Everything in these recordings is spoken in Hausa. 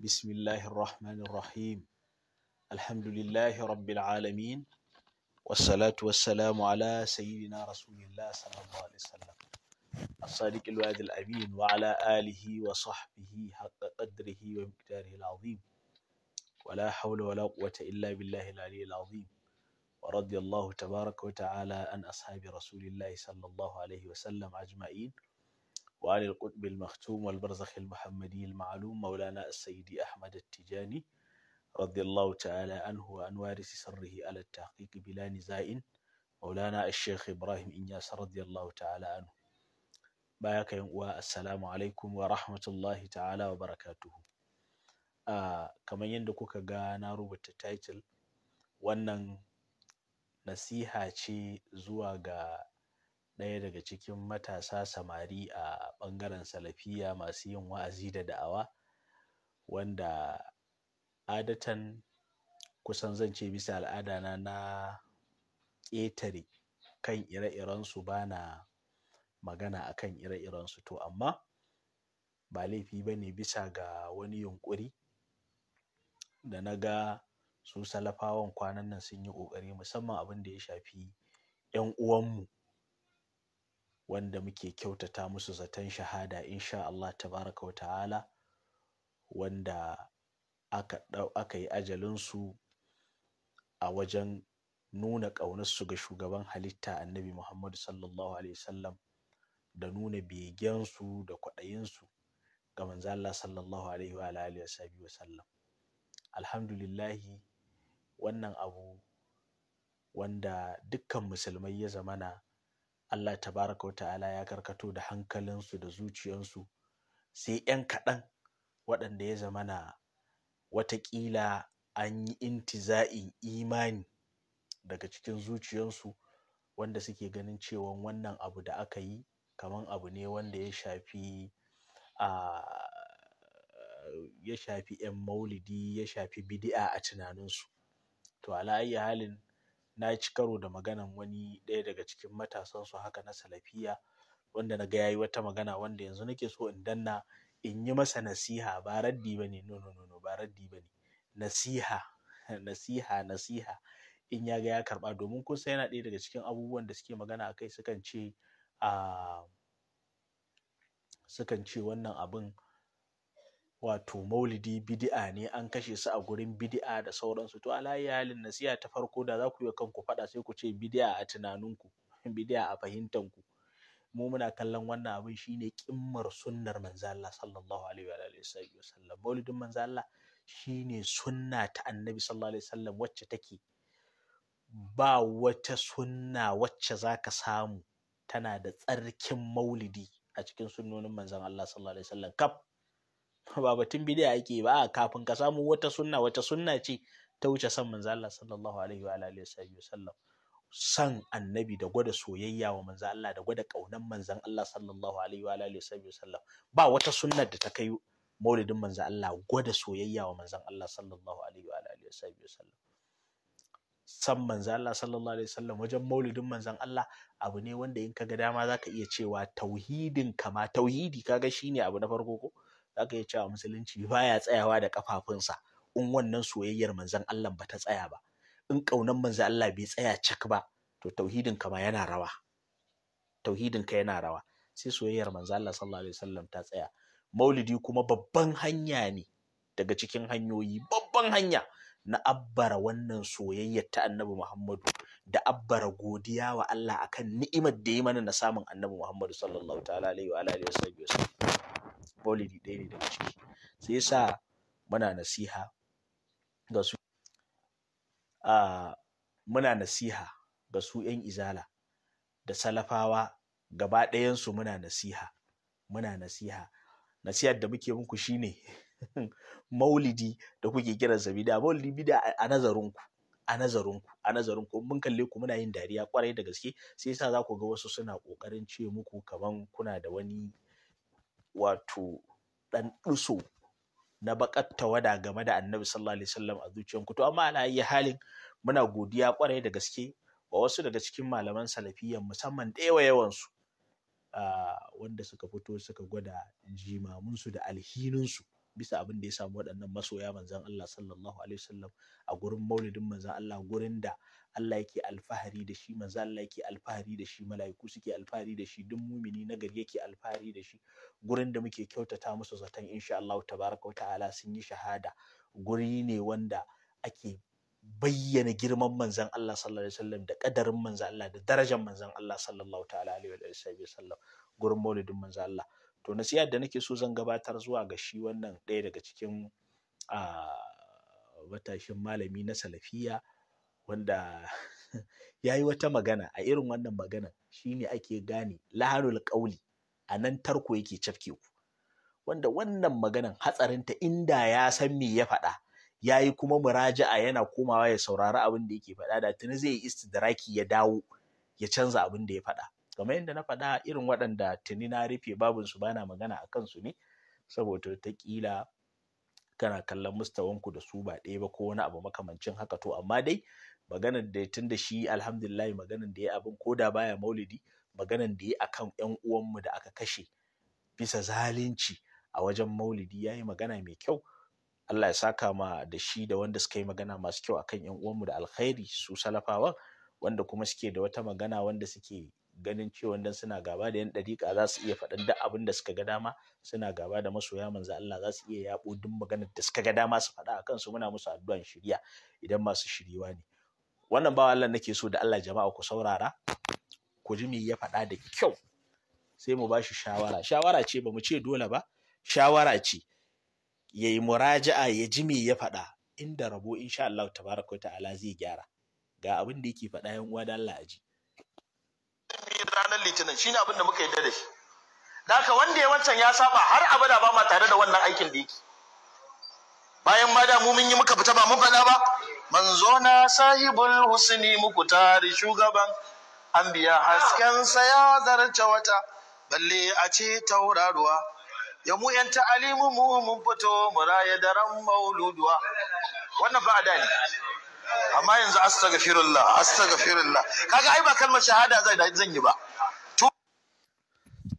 بسم الله الرحمن الرحيم الحمد لله رب العالمين والصلاة والسلام على سيدنا رسول الله صلى الله عليه وسلم الصادق الوعد الأمين وعلى آله وصحبه حق قدره ومقداره العظيم ولا حول ولا قوة إلا بالله العلي العظيم ورضي الله تبارك وتعالى عن أصحاب رسول الله صلى الله عليه وسلم أجمعين وآل القطب المختوم والبرزخ المحمدي المعلوم مولانا السيدي أحمد التجاني رضي الله تعالى عنه وعن وارث سره على التحقيق بلا نزاع مولانا الشيخ إبراهيم إنياس رضي الله تعالى عنه بايك ينقوى السلام عليكم ورحمة الله تعالى وبركاته آه كما يندكو كغانا روبة تايتل wannan nasiha ce zuwa ga ɗaya daga cikin matasa samari a ɓangaren salafiya masu yin wa'azi da da'awa wanda adatan kusan zan ce bisa al'ada na na ƙetare kan ire-irensu ba na magana a kan ire-irensu to amma ba laifi ba ne bisa ga wani yunƙuri da na ga su salafawan kwanan nan sun yi ƙoƙari musamman abin da ya shafi 'yan uwanmu wanda muke kyautata musu zaton shahada insha Allah tabaraka wa ta'ala wanda aka aka yi ajalinsu a wajen nuna ƙaunarsu ga shugaban halitta annabi Muhammadu sallallahu alaihi wasallam da nuna begensu da kwaɗayinsu ga manzo Allah sallallahu alaihi wa alihi wasallam wannan abu wanda dukkan musulmai ya zamana Allah tabaraka ta'ala ya karkato da hankalinsu da zuciyarsu sai 'yan kaɗan waɗanda ya zamana watakila an yi intiza'in imani daga cikin zuciyarsu wanda suke ganin cewa wannan abu da aka yi kaman abu ne wanda ya shafi a ya shafi 'yan maulidi ya shafi bidi'a a tunaninsu to ala halin na ci karo da maganan wani ɗaya daga cikin matasan su haka na salafiya wanda na ga yayi wata magana wanda yanzu nake so in danna in yi masa nasiha ba raddi ba ne no no no ba raddi ba ne nasiha nasiha nasiha in ya ga ya karba domin kusa yana ɗaya daga cikin abubuwan da suke magana akai kai sukan ce a ah, sukan ce wannan abin wato maulidi bidi'a ne an kashe su a gurin bid'a da sauransu to alayi halin nasiha ta farko da za ku yi kanku faɗa sai ku ce bid'a a tunaninku bid'a a fahimtanku mu muna kallon wannan abin shine kimmar sunnar manzo Allah sallallahu alaihi wa alihi wasallam maulidin manzo Allah shine sunna ta annabi sallallahu alaihi wasallam wacce take ba wata sunna wacce zaka samu tana da tsarkin maulidi a cikin sunnonin manzon Allah sallallahu alaihi wasallam ba batun bid'a ake ba kafin ka samu wata sunna wata sunna ce ta wuce san manzo Allah sallallahu alaihi wa alihi wasallam san annabi da gwada soyayya wa manzo Allah da gwada kaunan manzon Allah sallallahu alaihi wa alihi wasallam ba wata sunnar da ta kai maulidin manzo Allah gwada soyayya wa manzon Allah sallallahu alaihi wa alihi wasallam san manzo Allah sallallahu alaihi wasallam wajen maulidin manzon Allah abu ne wanda in kaga dama zaka iya cewa tauhidin kama tauhidi kaga shine abu na farko ko Zaka iya cewa musulunci baya tsayawa da kafafunsa in wannan soyayyar manzon Allah ba ta tsaya ba in ƙaunar manzon Allah bai tsaya cak ba to tauhidin ka ma yana rawa tauhidin ka yana rawa sai soyayyar manzon Allah sallallahu alaihi wasallam ta tsaya maulidi kuma babban hanya ne daga cikin hanyoyi babban hanya na abbara wannan soyayyar ta annabi Muhammadu da abbara godiya wa Allah akan ni'imar da ya mana na samun annabi Muhammadu sallallahu ta'ala alaihi wa alihi sallam maulidi ɗaya ne daga ciki sai yasa muna nasiha ga su muna nasiha ga su yan izala da salafawa gaba ɗayansu muna nasiha muna nasiha nasihar da muke muku shine maulidi da kuke kiran sa bida maulidi bida a nazarinku a nazarinku a nazarinku mun kalle ku muna yin dariya kwarai da gaske sai yasa za ku ga wasu suna kokarin ce muku kaman kuna da wani wato ɗan ɗuso na baƙar tawada game da annabi sallallahu alaihi wasallam a ku to amma ana yi halin muna godiya kwarai da gaske wa wasu daga cikin malaman salafiyyan musamman ɗaya wa yawansu ah, wanda suka fito suka gwada jimaminsu da alhininsu bisa abin da ya samu waɗannan masoya manzan Allah sallallahu alaihi wasallam a gurin maulidin manzan Allah gurin da Allah yake alfahari da shi manzan Allah yake alfahari da shi mala'iku suke alfahari da shi duk mumini na gari yake alfahari da shi gurin da muke kyautata musu zaton insha Allah tabaraka ta'ala sun yi shahada guri ne wanda ake bayyana girman manzan Allah sallallahu alaihi wasallam da kadarin manzan Allah da darajar manzan Allah sallallahu ta'ala alaihi wasallam gurin maulidin manzan Allah to nasihar da nake so zan gabatar zuwa ga shi wannan ɗaya daga cikin matashin malami na salafiya wanda ya yi wata magana a irin wannan magana shine ake gane laharul ƙauli a nan tarko yake cafke ku wanda wannan maganan hatsarinta inda ya san me ya faɗa ya yi kuma muraja'a yana komawa ya saurari abin da yake faɗa da tuni zai yi istidraki ya dawo ya canza abin da ya faɗa kamar yadda na faɗa irin waɗanda tuni na rufe babinsu bana magana a kansu ne saboda ta ƙila kana kallon mustawanku da su ba ɗaya ba ko wani abu makamancin haka to amma dai maganar da tun da shi alhamdulillah maganar da ya abin ko da baya maulidi maganar da ya akan yan uwanmu da aka kashe bisa zalunci a wajen maulidi ya yi magana mai kyau Allah ya saka ma da shi da wanda suka yi magana masu kyau akan yan uwanmu da alkhairi su salafawa wanda kuma suke da wata magana wanda suke ganin cewa dan suna gaba da yan dariƙa za su iya faɗan duk abin da suka ga dama suna gaba da masoya manzo Allah za su iya yaɓo duk maganar da suka ga dama su faɗa akan su muna musu addu'an shiriya idan masu shiriwa ne wannan bawa Allah nake so da Allah jama'a ku saurara ku ji me ya faɗa da kyau sai mu ba shi shawara shawara ce ba mu ce dole ba shawara ce ya yi muraja'a ya ji me ya faɗa inda rabo insha Allah tabaraka ta'ala zai gyara ga abin da yake faɗa yan uwa da Allah aji ranar litinin shine abin da muka yadda da shi Daka wanda ya wancan ya saba har abada ba ma tare da wannan aikin da yake. Bayan ma da mu mun yi muka fita ba mun faɗa ba. Manzo na sahibul husni muku tare shugaban anbiya hasken sa ya zarce wata balle a ce tauraruwa. Ya mu yan ta'alimu mu mun fito mu raye daren mauluduwa. Wannan fa ne. amma yanzu astaghfirullah astaghfirullah kaga ai ba kalmar shahada zai zan yi ba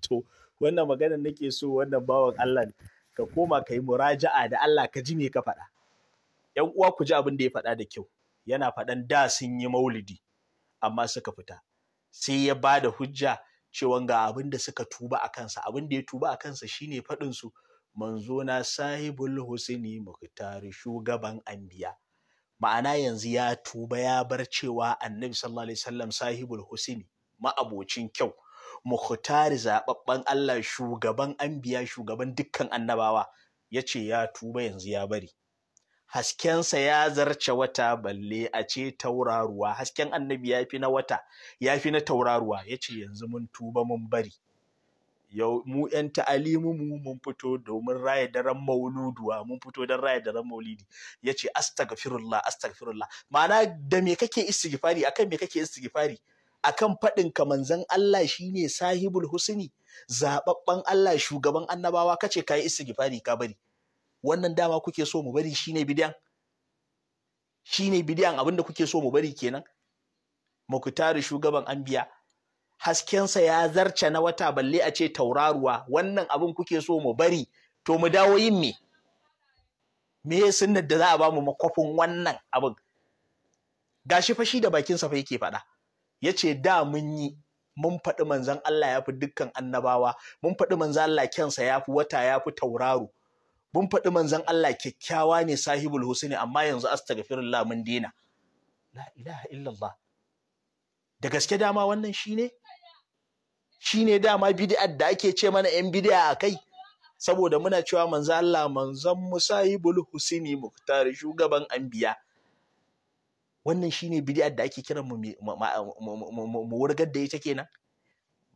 to wannan maganar nake so wannan bawan Allah ka koma ka yi muraja'a da Allah ka ji me ka faɗa yan uwa ku ji abin da ya faɗa da kyau yana faɗan da sun yi maulidi amma suka fita sai ya ba da hujja cewa ga abin da suka tuba a kansa abin da ya tuba a kansa shine faɗin su manzo na sahibul husaini muhtari shugaban anbiya ma'ana yanzu ya tuba ya bar cewa annabi sallallahu alaihi wasallam sahibul husini ma'abocin kyau mukhtari zababban Allah shugaban anbiya shugaban dukkan annabawa yace ya tuba yanzu ya bari haskensa ya zarce wata balle a ce tauraruwa hasken annabi ya fi na wata ya fi na tauraruwa yace yanzu mun tuba mun bari yau mu 'yan ta'alimu mu mun fito domin raya daren mauluduwa mun fito don raya daren maulidi ya ce astaghfirullah astaghfirullah ma'ana da me kake istighfari akan me kake istighfari akan faɗin ka manzon Allah shine sahibul husni zababban Allah shugaban annabawa kace kai istighfari ka bari wannan dama kuke so mu bari shine bidiyan shine bidiyan abinda kuke so mu bari kenan mukutari shugaban an biya. haskensa ya zarce na wata balle a ce tauraruwa wannan abin kuke so mu bari to mu dawo yin me me ya sunnar da za a ba mu makwafin wannan abin gashi fa shi da bakinsa fa yake faɗa yace da mun yi mun faɗi manzan Allah ya fi dukkan annabawa mun faɗi manzan Allah kensa ya fi wata ya fi tauraro mun faɗi manzan Allah kyakkyawa ne sahibul husni amma yanzu astaghfirullah mun dina la ilaha illallah da gaske dama wannan shine Shi ne dama bid'ar da ake ce mana yan bid'a a kai saboda muna cewa manzo Allah manzon Musahibul Husaini Muktar shugaban anbiya wannan shine bid'ar da ake kiran mu mu wurgar da ita kenan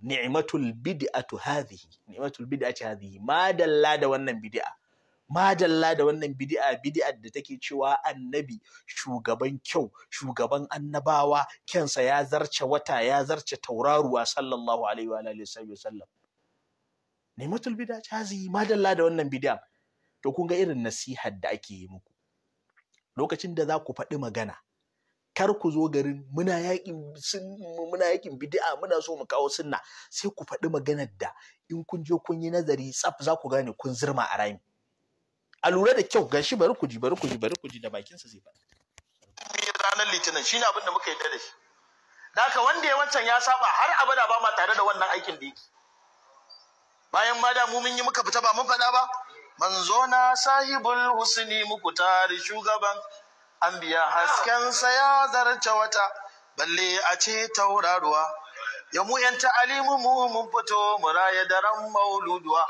ni'matul bid'atu hadhihi ni'matul bid'ati hadhihi ma dalla da wannan bid'a Majalla da wannan bidi'a-bidi'ar da take cewa annabi shugaban kyau shugaban annabawa kyansa ya zarce wata ya zarce tauraruwa sallallahu alaihi wa alihi wasallam nimatul bid'a hazi madalla da wannan bid'a to kun ga irin nasihar da ake yi muku lokacin da za ku faɗi magana kar ku zo garin muna yakin muna yakin bid'a muna so mu kawo sunna sai ku faɗi maganar da in kun je kun yi nazari tsaf za ku gane kun zirma a rami a lura da kyau gashi bari ku bari ku bari ku ji da bakinsa zai faɗi ranar litinin shine abin da muka yarda da shi Daka wanda ya wancan ya saba har abada ba ma tare da wannan aikin da yake bayan ma da mu mun yi muka fita ba mun faɗa ba manzo na sahibul husni muku tare shugaban anbiya hasken sa ya zarce wata balle a ce tauraruwa ya mu yan alimu mu mun fito mu raye daren mauluduwa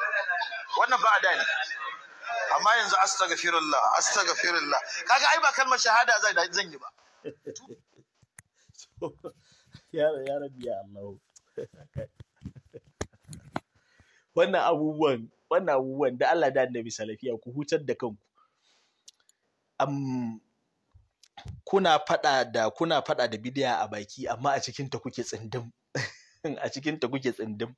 wannan ba a da ne amma yanzu astaghfirullah astaghfirullah kaga ai ba kalmar shahada zai zan yi ba ya ya rabbi ya Allah wannan abubuwan wannan abubuwan da Allah da annabi salafiya ku hutar da kanku am kuna fada da kuna fada da bidiya a baki amma a cikin ta kuke tsindim a cikin ta kuke tsindim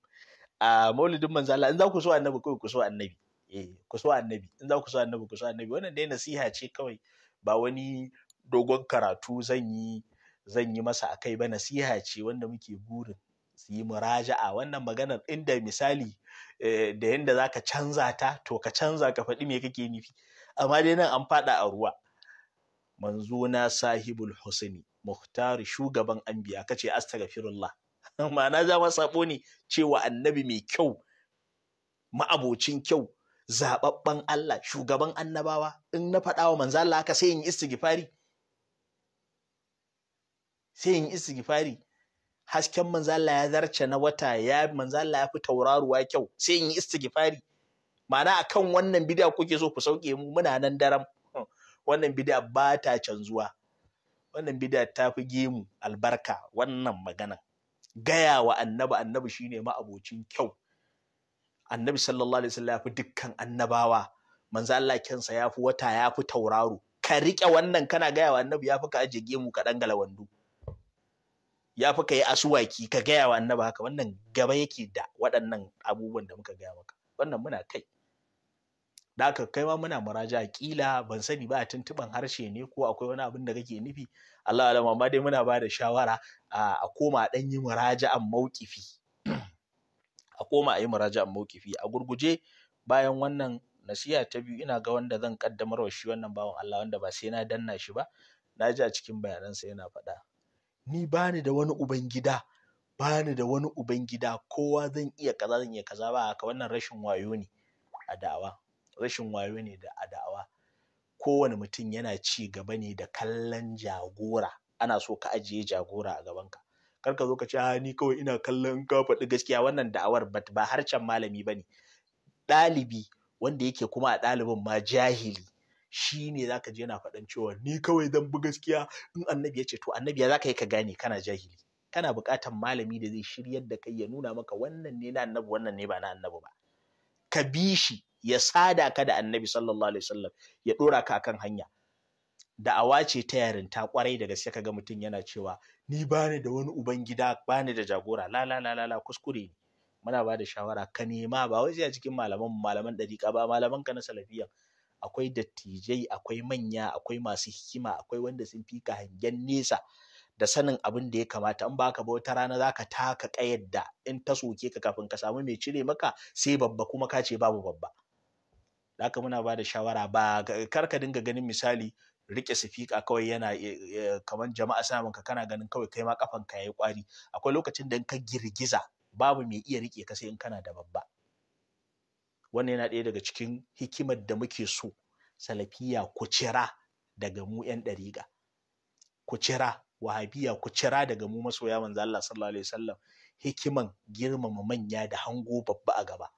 a maulidin Manzala, in za ku so annabi ku so annabi eh ku so annabi in za ku so annabi ku so annabi wannan dai nasiha ce kawai ba wani dogon karatu zan yi zan yi masa akai ba nasiha ce wanda muke burin su yi muraja'a wannan maganar inda misali eh, da yadda za ka canza ta to ka canza ka faɗi me kake nufi amma dai nan an faɗa a ruwa manzo na sahibul husni muhtari shugaban anbiya kace astaghfirullah ma'ana za ma sabo ne cewa annabi mai kyau ma'abocin kyau Zaɓaɓɓen Allah shugaban annabawa in na faɗa wa manzo Allah haka sai in istighfari sai in istighfari hasken manzo Allah ya zarce na wata ya manzo Allah ya fi tauraruwa kyau sai in istighfari ma'ana akan wannan bid'a kuke so ku sauke mu muna nan daren. wannan bid'a ba ta canzuwa wannan bid'a ta fi gemu albarka wannan magana gaya wa annabi annabi shine ma'abocin kyau annabi sallallahu alaihi wasallam ya dukkan annabawa manzo Allah kansa yafi wata yafi tauraro ka rike wannan kana gaya wa annabi ya ka aje gemu ka dangala wando yafi fi ka yi asuwaki ka gaya wa annabi haka wannan gaba yake da waɗannan abubuwan da muka gaya maka wannan muna kai da haka kai ma muna muraja kila ban sani ba a tuntuban harshe ne ko akwai wani abin da kake nufi Allah alama amma dai muna ba da shawara a koma ɗan yi muraja'an mauƙifi koma a yi muraja'an mawqifi a gurguje bayan wannan nasiha ta biyu ina ga wanda zan kaddamar wa shi wannan bawan Allah wanda ba sai na danna shi ba na ji a cikin bayanansa yana faɗa ni bani da wani ubangida bani da wani ubangida kowa zan iya kaza zan iya kaza ba haka wannan rashin wayo ne a da'awa rashin wayo ne da a da'awa kowane mutum yana ci gaba ne da kallon jagora ana so ka ajiye jagora a gabanka kar ka zo ka ce a ah, ni kawai ina kallon ka faɗi gaskiya wannan da'awar ba harcen malami ba ne ɗalibi wanda yake kuma a ɗalibin ma jahili shi ne za ka je yana faɗan cewa ni kawai zan bi gaskiya in annabi ya ce to annabi ya za ka yi ka gane kana jahili kana buƙatar malami da zai shiryar da kai ya nuna maka wannan ne na annabi wannan ne ba na annabi ba ka bi shi ya sada ka da annabi sallallahu alaihi wasallam ya ɗora ka akan hanya da'awa ce ta yarinta kwarai da gaske kaga mutum yana cewa ni bani da wani uban gida, bani da jagora la la la la kuskure ne muna ba da shawara ka nema ba wai sai a cikin malaman malaman dariƙa ba malaman ka na salafiyan akwai dattijai akwai manya akwai masu hikima akwai wanda sun fi ka hangen nesa da sanin abin da ya kamata in baka ba wata rana zaka taka kayar da in ta soke ka kafin ka samu mai cire maka sai babba kuma ka ce babu babba haka muna ba da shawara ba kar ka dinga ganin misali rike sifika kawai yana kamar jama'a suna ka kana ganin kawai kai ma kafan ka yayi kwari akwai lokacin da ka girgiza babu mai iya rike ka sai in kana da babba wannan yana ɗaya daga cikin hikimar da muke so salafiya ku cira daga mu yan ɗariƙa ku cira wahabiya ku cira daga mu masoya manzo Allah sallallahu alaihi wasallam hikiman girmama manya da hango babba a gaba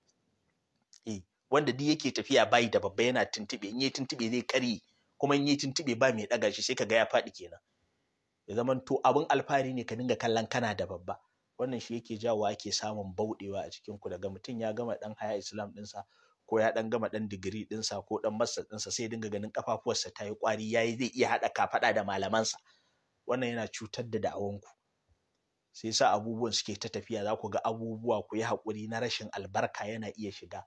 eh wanda duk yake tafiya bai da babba yana tuntube in yi tuntube zai karye kuma in yi tuntuɓe ba mai ɗaga shi sai ka ga ya faɗi kenan ya zama to abin alfahari ne ka dinga kallon kana da babba wannan shi yake jawo ake samun bauɗewa a cikin ku daga mutum ya gama ɗan haya islam ɗinsa ko ya ɗan gama ɗan digiri ɗinsa ko ɗan masa ɗinsa sai dinga ganin ƙafafuwarsa ta yi ƙwari ya yi zai iya haɗa kafaɗa da malamansa wannan yana cutar da da'awanku sai sa abubuwan suke ta tafiya za ku ga abubuwa ku yi haƙuri na rashin albarka yana iya shiga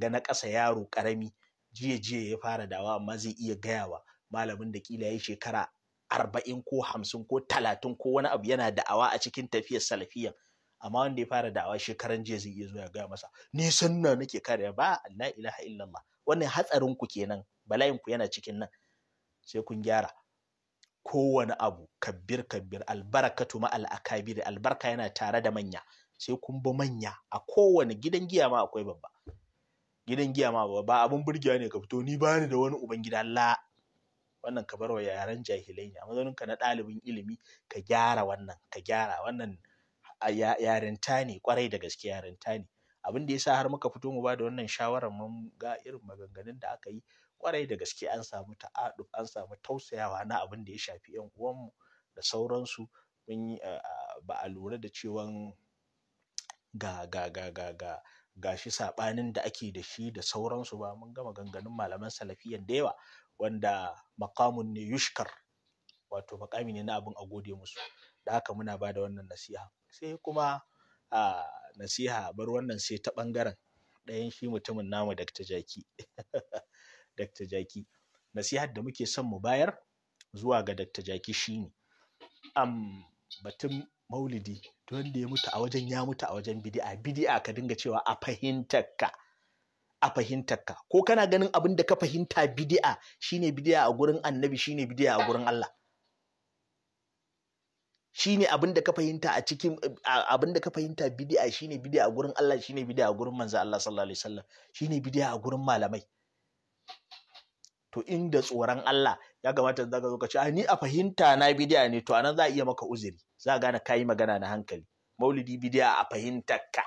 ga na ƙasa yaro ƙarami jiya jiya ya fara dawa amma zai iya gayawa malamin da kila ya shekara arba'in ko hamsin ko talatin ko wani abu yana da'awa a cikin tafiyar salafiyan amma wanda ya fara da'awa shekaran jiya zai iya zo ya gaya masa ni san na nake kare ba la ilaha illallah wannan hatsarin ku kenan bala'in ku yana cikin nan sai kun gyara kowane abu kabbir kabbir albarakatu ma al'akabiri albarka yana tare da manya sai kun bi manya a kowane gidan giya ma akwai babba gidan giya ma ba abin burgewa ne ka fito ni ba ni da wani ubangida la wannan ka bar wa yaran jahilai ne a ka na ɗalibin ilimi ka gyara wannan ka gyara wannan yarinta ne kwarai da gaske yarinta ne abin da yasa har muka fito mu ba da wannan shawarar mun ga irin maganganun da aka yi kwarai da gaske an samu ta'adu an samu tausayawa na abin da ya shafi yan uwanmu da sauransu mun yi ba a lura da cewan ga ga ga ga ga gashi saɓanin da ake da shi da sauransu ba mun gama ganganun malaman salafiyan da yawa wanda makamun ne yushkar wato makami ne na abin a gode musu da haka muna ba da wannan nasiha sai kuma a nasiha bar wannan sai ta ɓangaren ɗayan shi mutumin namu Dr. Jaki. Dr. Jaki. Nasihar da muke son mu bayar zuwa ga Dr. Jaki shine. Am batun maulidi duk wanda ya mutu a wajen ya mutu a wajen bid'a bid'a ka dinga cewa a fahimtarka a fahimtarka ko kana ganin abin da ka fahimta bidi'a shine bidi'a a gurin annabi shine bidi'a a gurin Allah shine abin da ka fahimta a cikin abin da ka fahimta bid'a shine bidi'a a gurin Allah shine bidi'a a gurin manzo Allah sallallahu alaihi wasallam shine bidi'a a gurin malamai to inda tsoron Allah ya kamata zaka zo ka ce ni a fahimta na bidi'a ne to anan za a iya maka uzuri za a gane kayi magana na hankali maulidi bidiya a fahimtarka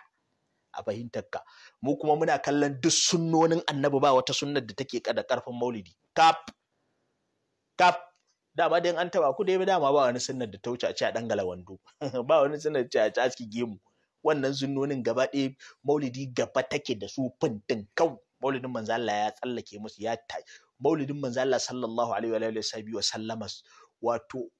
a fahimtarka mu kuma muna kallon duk sunnonin annabi ba wata sunnar da take kada karfin maulidi kap kap dama dai an taba ku dai dama ba wani sunnar da ta wuce a ci a dangala wando ba wani sunnar da ta a ci gemu wannan sunnonin gaba ɗaya maulidi gaba take da su fintin kau maulidin manzo Allah ya tsallake musu ya maulidin manzo Allah sallallahu alaihi wa alihi wa sallama wato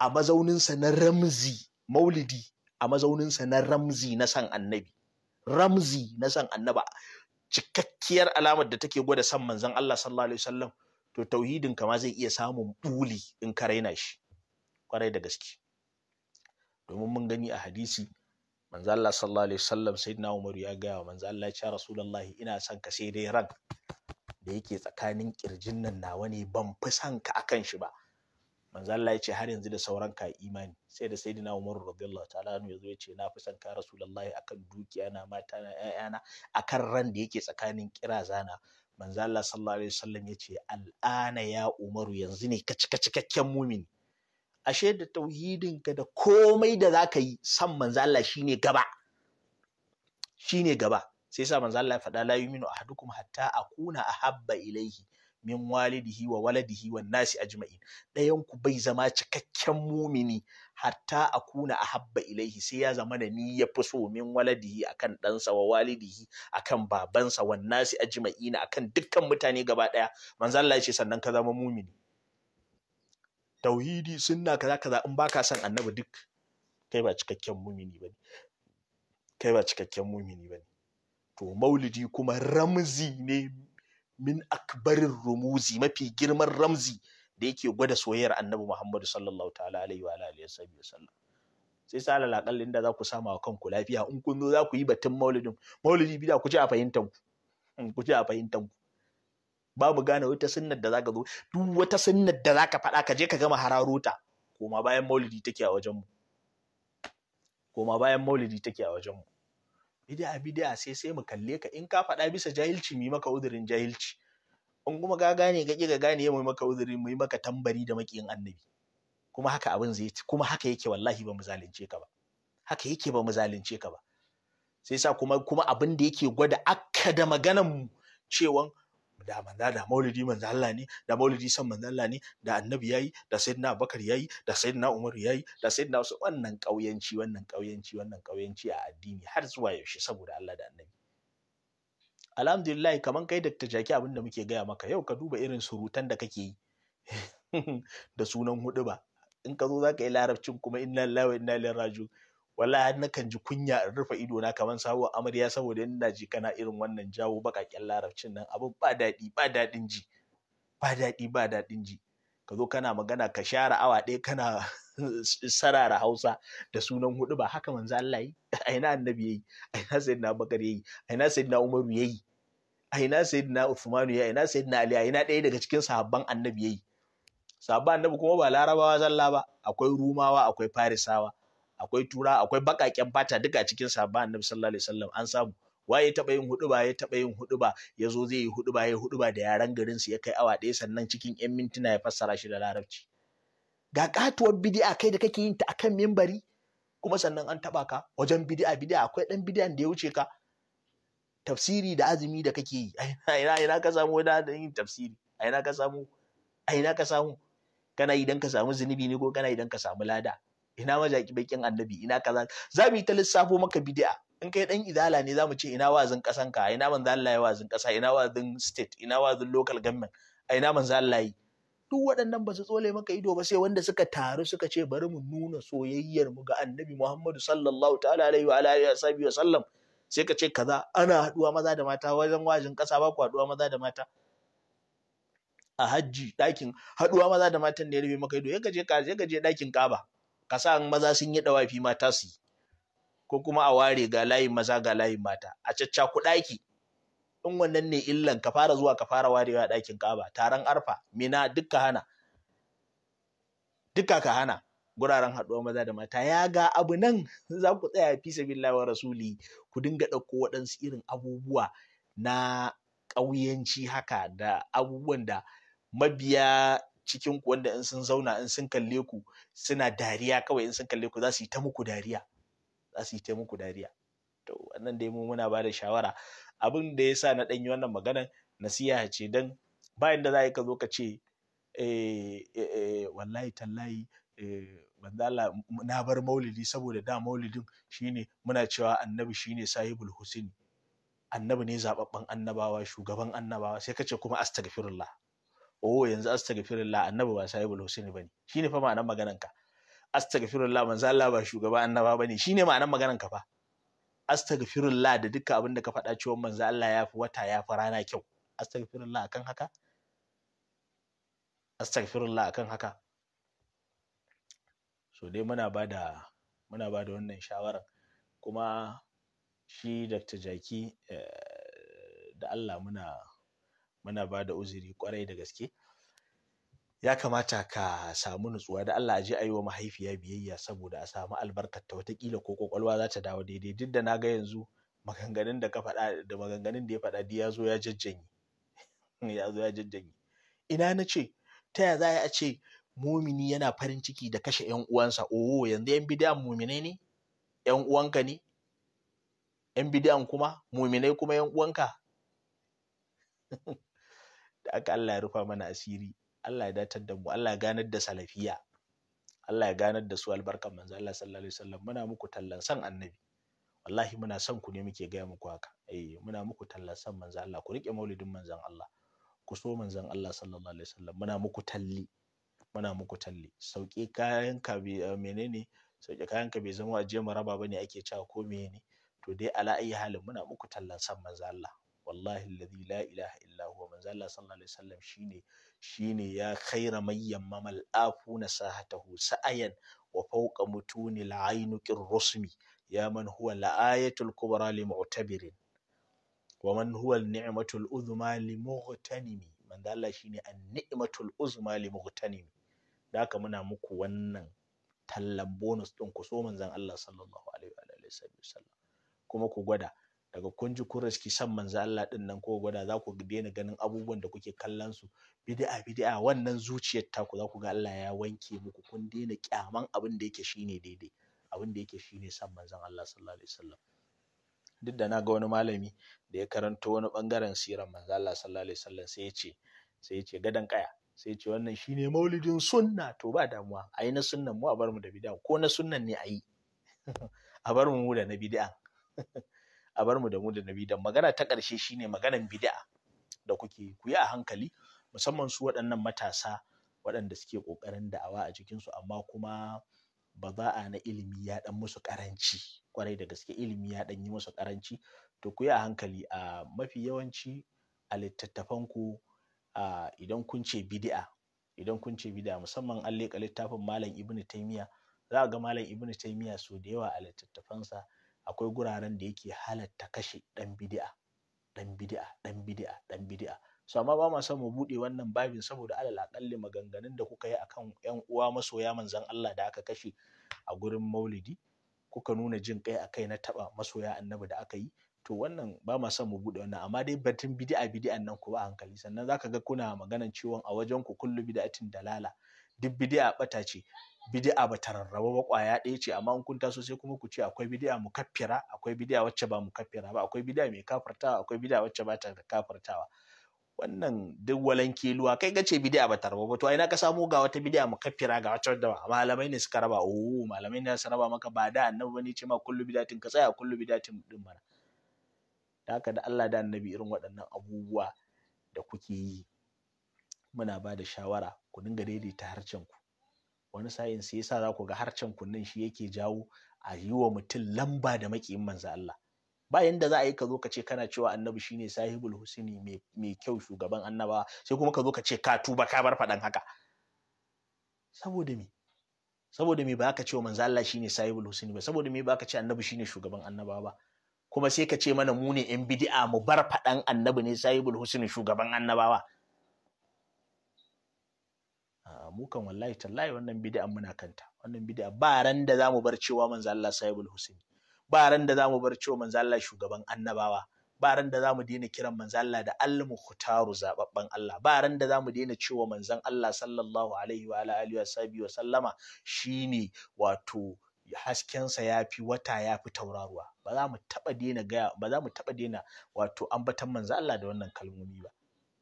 a mazauninsa na ramzi maulidi a mazauninsa na ramzi na san annabi ramzi na san annaba cikakkiyar alamar da take gwada san manzan Allah sallallahu alaihi wasallam to tauhidin kama zai iya samun buli in ka raina shi kwarai da gaske domin mun gani a hadisi manzan Allah sallallahu alaihi wasallam sayyidina Umar ya ga wa manzo Allah ya rasulullahi ina son ka sai dai ran da yake tsakanin kirjin nan nawa ne ban fi son ka akan shi ba manzo Allah ya ce har yanzu da sauran ka imani sai da sayyidina Umar radiyallahu ta'ala anhu yazo yace na fi son ka rasulullahi akan dukiya na mata na na akan ran da yake tsakanin kirazana manzo Allah sallallahu alaihi wasallam ya ce al'ana ya Umaru yanzu ne ka cika cikakken mumini ashe da tauhidin ka da komai da zaka yi san manzo Allah shine gaba shine gaba sai sa manzo Allah ya faɗa la yuminu ahadukum hatta akuna ahabba ilaihi min walidihi wa waladihi wa nasi ajma'in ɗayan ku bai zama cikakken mumini hatta a kuna a habba ilaihi sai ya zama da ni ya fi so min waladihi akan ɗansa wa walidihi akan babansa wa nasi na akan dukkan mutane gaba ɗaya manzo Allah ce sannan ka zama mumini tauhidi sunna kaza kaza in baka son annabi duk kai ba cikakken mumini bane kai ba cikakken mumini bane to maulidi kuma ramzi ne min akbarin rumuzi mafi girman ramzi da yake gwada soyayyar annabi Muhammadu sallallahu ta'ala alaihi wa alihi sallam sai sa alal Linda inda za ku sama wa kanku lafiya in kun zo za ku yi batun maulidin maulidi bida ku ci a fahimtan ku in ku ci a fahimtan ku babu gane wata sunnar da zaka zo duk wata sunnar da zaka faɗa ka je ka gama hararuta koma bayan maulidi take a wajen mu koma bayan maulidi take a wajen mu bid'a bid'a sai sai mu kalle ka in ka faɗa bisa jahilci mu yi maka udurin jahilci in kuma ka gane ka ga gane mu yi maka udurin mu yi maka tambari da makiyin annabi kuma haka abin zai ci. kuma haka yake wallahi ba mu zalunce ka ba haka yake ba mu zalunce ka ba sai sa kuma kuma abin da yake gwada akka da maganan mu cewan da manza da maulidi manza Allah ne da maulidi san manza Allah ne da annabi yayi da sayyidina abubakar yayi da sayyidina umar yayi da sayyidina su wannan kauyanci wannan kauyanci wannan kauyanci a addini har zuwa yaushe saboda Allah da annabi alhamdulillah kaman kai Dr. Jaki abinda muke gaya maka yau ka duba irin surutan da kake yi da sunan hudu ba in ka zo za ka yi larabcin kuma inna lillahi wa inna ilaihi raji'un wallahi nakan ji kunya in rufe ido na kamar sabuwar amarya saboda ina ji kana irin wannan jawo bakakken larabcin nan abin ba daɗi ba daɗin ji ba daɗi ba daɗin ji ka zo kana magana ka share awa ɗaya kana sarara hausa da sunan hudu ba haka manzo Allah yi aina annabi yayi aina sayyidina bakar yayi aina sayyidina umaru yayi aina sayyidina uthman yayi aina sayyidina ali aina ɗaya daga cikin sahabban annabi yayi sahabban annabi kuma ba larabawa zalla ba akwai rumawa akwai farisawa akwai tura akwai bakaken fata duka cikin sahabban annabi sallallahu alaihi wasallam an samu waye ya taba yin ba ya taba yin hudu ya zo zai yi ba ya ba da yaran garin su ya kai awa ɗaya sannan cikin yan mintuna ya fassara shi da larabci ga katuwar bid'a kai da kake yin ta akan mimbari kuma sannan an taba ka wajen bid'a bid'a akwai dan bid'a da ya wuce ka tafsiri da azumi da kake yi ina ina ka samu da yin tafsiri ina ka samu ina ka samu kana idan ka samu zunubi ne ko kana idan ka samu lada ina jaki bakin annabi ina kaza za mu yi ta lissafo maka bid'a in kai dan idala ne za mu ce ina wazin kasan ka ina manzo Allah ya wazin kasa ina wazin state ina wazin local government a ina manzo Allah yi duk waɗannan ba su tsole maka ido ba sai wanda suka taru suka ce bari mu nuna soyayyar mu ga annabi Muhammadu sallallahu ta'ala alaihi wa alihi wa wa sallam sai ka ce kaza ana haduwa maza da mata wajen wajin kasa ba ku haduwa maza da mata a hajji ɗakin haduwa maza da matan ne ya rufe maka ido ya gaje ka je gaje ɗakin kaba kasa sa maza sun yi dawafi mata su ko kuma a ware ga layin maza ga layin mata a cacca ku ɗaki in wannan ne illan ka fara zuwa ka fara warewa dakin kaba taron arfa mina dukka hana dukka ka hana guraren haɗuwa maza da mata ya ga abu nan za ku tsaya fi sabillahi wa rasuli ku dinga ɗauko waɗansu irin abubuwa na ƙauyenci haka da abubuwan da mabiya cikin ku wanda in sun zauna in sun kalle ku suna dariya kawai in sun kalle ku za su yi ta muku dariya za su yi ta muku dariya to wannan dai mu muna bada shawara abin da yasa na ɗanyi wannan maganan nasiha ce dan bayan da za ka zo ka ce eh, eh, eh, wallahi tallahi manzala na bar maulidi saboda da maulidin shine muna cewa annabi shine sahibul husaini annabi ne zababban annabawa shugaban annabawa sai kace kuma astaghfirullah oh yanzu astaghfirullah annabi ba sahibul husaini bane shine fa ma'anar maganar ka astaghfirullah manzo Allah ba shugaba annaba bane shine ma'anar maganar ka fa astaghfirullah da dukkan abin da ka faɗa cewa manzo Allah ya fi wata ya fi rana kyau astaghfirullah akan haka astaghfirullah akan haka so dai muna bada muna bada wannan shawaran kuma shi Dr. Jaki eh, da Allah muna muna ba da uzuri kwarai da gaske ya kamata ka samu nutsuwa da Allah a ayi wa mahaifiya biyayya saboda a samu albarkar ta watakila ko kwakwalwa za ta dawo daidai duk da na ga yanzu maganganun da ka faɗa da maganganun da ya faɗa ya zo ya jajjanye ya zo ya jajjanye ina nace, ce ta ya za a ce mumini yana farin ciki da kashe yan uwansa owo yanzu yan bidiyan muminai ne yan uwanka ne yan bidiyan kuma muminai kuma yan uwanka da aka Allah ya rufa mana asiri Allah ya datar da mu Allah ya ganar da salafiya Allah ya ganar da su albarkan manzo Allah sallallahu alaihi wasallam muna muku tallan san annabi wallahi muna son ku ne muke gaya muku haka eh muna muku tallan san manzo Allah ku rike maulidin manzo Allah ku so manzo Allah sallallahu alaihi wasallam muna muku talli muna muku talli sauke kayan ka eh, menene sauke kayan ka bai zama aje maraba bane ake cewa ko menene to dai ala ayi halin muna muku tallan san manzo Allah wallahi alladhi la ilaha illa huwa manzo Allah sallallahu alaihi wasallam shine shine ya khaira mayyan mamal afuna sahatahu sa'ayan wa fawqa mutuni al'ainuqir rusmi ya man huwa la'ayatul kubra li mu'tabirin wa man huwa ni'matul uzma li mughtanimi manzo Allah shine an-ni'matul uzma li mughtanimi da haka muna muku wannan tallan bonus ɗin ku so manzon Allah sallallahu alaihi wa alihi wasallam kuma ku gwada daga kun ji kun riski san manzo Allah din nan ko gwada za ku daina ganin abubuwan da kuke kallon su bid'a bid'a wannan zuciyar taku za ku ga Allah ya wanke muku kun daina kyaman abin da yake shine daidai abin da yake shine shan manzo Allah sallallahu alaihi wasallam duk da na ga wani malami da ya karanto wani bangaren sirar manzo Allah sallallahu alaihi wasallam sai ya ce sai ya ce gadan kaya sai ce wannan shine maulidin sunna to ba damuwa ai na sunnan mu a bar mu da bid'a ko na sunnan ne ayi a bar mu da na bid'a a bar mu da mu da na dan magana ta ƙarshe shine maganan bid'a da kuke ku yi a hankali musamman su waɗannan matasa waɗanda suke ƙoƙarin da'awa a su amma kuma ba za a na ilimi ya ɗan musu karanci kwarai da gaske ilimi ya ɗan yi musu karanci to ku yi a hankali a mafi yawanci a littattafanku idan kun ce bid'a idan kun ce bid'a musamman an leƙa littafin malam ibnu taimiya za a ga malam ibnu taimiya sau da yawa a littattafansa akwai guraren da yake halatta kashe ɗan bidi'a ɗan bidi'a ɗan bidi'a ɗan bidi'a so amma ba ma son mu buɗe wannan babin saboda alal aƙalli maganganun da kuka yi akan 'yan uwa masoya manzon Allah da aka kashe a gurin maulidi kuka nuna jin kai akai na taɓa masoya annabi da aka yi to wannan ba ma son mu buɗe wannan amma dai batun bidi'a bidi'an nan ku ba hankali sannan za ka ga kuna maganan ciwon a wajen ku kullu bid'atin dalala duk bidi'a bata ce bidi'a ba ta rarraba ba kwaya ɗaya ce amma in kun taso sai kuma ku ce akwai bidi'a mukaffira akwai bidi'a wacce ba mukaffira ba akwai bidi'a mai kafartawa akwai bidi'a wacce ba ta kafartawa wannan duk walankiluwa kai ga ce bidi'a ba ta raba ba to ai na ka samo ga wata bidi'a mukaffira ga wacce wadda malamai ne suka raba oh malamai ne suka raba maka ba da annabi bane ce ma kullu bidatin ka tsaya kullu bidatin din mana da haka da Allah da annabi irin waɗannan abubuwa da kuke yi muna ba da shawara ku dinga daidaita harcen ku wani sa'in sai yasa za ku ga harcen ku nan shi yake jawo a yi wa mutum lamba da makiyin manzo Allah ba yanda za a yi ka zo ka ce kana cewa annabi shine sahibul husni mai kyau shugaban annaba sai kuma ka zo ka ce ka tuba ka bar faɗan haka saboda me saboda me ba ka ce manzo Allah shine sahibul husni ba saboda me ba ka ce annabi shine shugaban annaba ba kuma sai ka ce mana mu ne yan bid'a mu bar faɗan annabi ne sahibul husni shugaban annabawa Ah, mu kan wallahi tallahi wannan bid'a muna kanta wannan bid'a ba ran da zamu bar cewa manzo Allah sahibul husaini ba ran da zamu bar cewa manzo Allah shugaban annabawa ba ran da zamu daina kiran manzo Allah da al khutaru zababban Allah ba ran da zamu daina cewa manzon Allah sallallahu alaihi wa alihi wa sahbihi wa sallama shine wato haskensa ya fi wata yafi fi tauraruwa ba za mu taɓa daina ba za mu taba daina wato ambatan manzo Allah da wannan kalmomi ba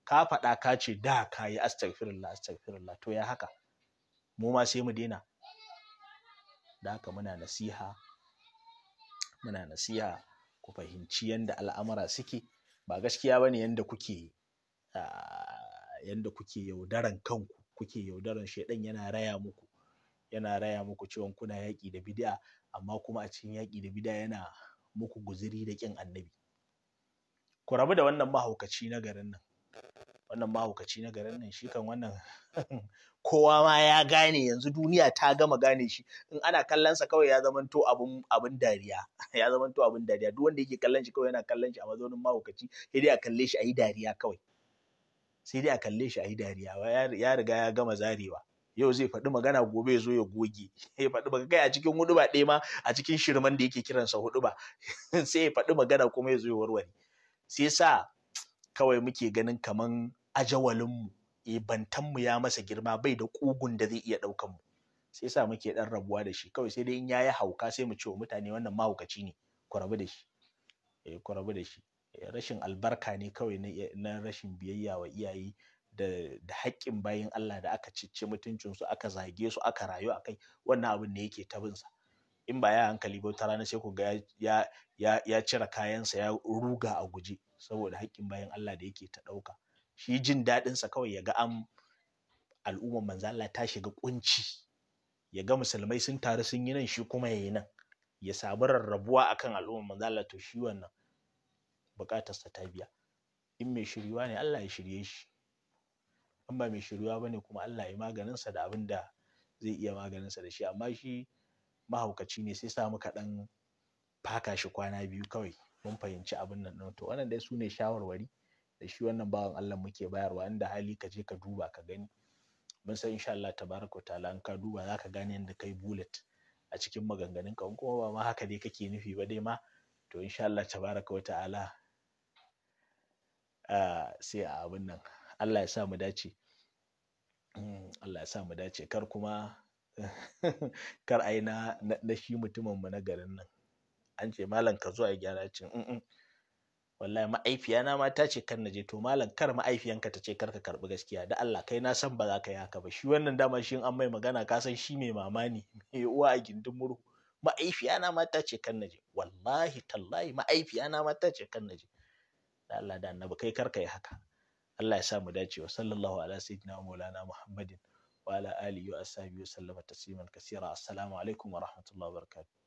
ka faɗa ka ce da ka yi astagfirullah astagfirullah to ya haka mu ma sai mu dena da haka muna nasiha muna nasiha ku fahimci yanda al'amura suke ba gaskiya bane yanda kuke ah, yanda kuke yaudaran kanku kuke yaudaran shaidan yana raya muku yana raya muku cewa kuna yaƙi da bid'a amma kuma a cikin yaƙi da bid'a yana muku guziri da ƙin annabi ku rabu da wannan mahaukaci na garin nan wannan mahaukaci na garin nan shi kan wannan kowa ma ya gane yanzu duniya ta gama gane shi in ana kallonsa kawai ya zamanto abun abun dariya ya zamanto abun dariya duk wanda yake kallon shi kawai yana kallon shi a mazaunin mahaukaci sai dai a kalle shi a yi dariya kawai sai dai a kalle shi a yi dariya ya riga ya gama zarewa yau zai faɗi magana gobe ya zo ya goge ya faɗi magana kai a cikin huɗuba ɗaya ma a cikin shirman da yake kiransa huɗuba sai ya faɗi magana kuma ya zo ya warware sai sa kawai muke ganin kaman ajawalinmu e bantanmu ya masa girma bai da ƙugun da zai iya ɗaukan mu sai yasa muke ɗan rabuwa da shi kawai sai dai in yayi hauka sai mu ce wa mutane wannan mahaukaci ne ku rabu da shi eh ku rabu da shi eh, rashin albarka ne kawai na rashin biyayya wa iyaye da da haƙƙin bayin Allah da aka cicce mutuncin su aka zage su aka rayu akai wannan abin ne yake ta binsa in ba ya hankali ba ta rana sai ku ga ya ya ya cire kayansa ya ruga a guje saboda haƙƙin bayan Allah da yake ta ɗauka shi jin daɗinsa kawai ya ga an al'ummar manzo Allah ta shiga kunci ya ga musulmai sun taru sun yi nan shi kuma yayi nan ya samu rarrabuwa akan al'ummar manzo Allah to shi wannan bukatarsa ta biya in mai shiryuwa ne Allah ya shirye shi in ba mai shiryuwa bane kuma Allah ya maganinsa da abin da zai iya maganinsa da shi amma shi mahaukaci ne sai sa muka ɗan faka shi kwana biyu kawai mun fahimci abin nan ɗin to wannan dai su shawarwari da shi wannan bawan Allah muke bayarwa inda hali ka je ka duba ka gani mun san insha Allah tabaraka ta'ala in ka duba za ka gane yadda kai bullet a cikin maganganun ka kuma ba ma haka dai kake nufi ba dai ma to insha Allah tabaraka wa ta'ala sai a abin nan Allah ya sa mu dace hmm, Allah ya sa mu dace kar kuma kar ai na shi mutumin mu na garin nan an ce malam ka zo a gyara ce in wallahi ma'aifiya na mata ce kan na je to malam kar ma'aifiyanka ta ce kar ka karbi gaskiya da Allah kai na san ba za ka yi haka ba shi wannan dama shi an mai magana ka san shi mai mamani mai uwa a gindin murhu ma'aifiya na mata ce kan na je wallahi tallahi ma'aifiya na mata ce kan na je da Allah da annabi kai kar ka yi haka Allah ya sa mu dace wa sallallahu ala sayyidina maulana muhammadin wa ala alihi wa ashabihi wa sallama tasliman kaseera assalamu alaikum wa rahmatullahi wa barakatuh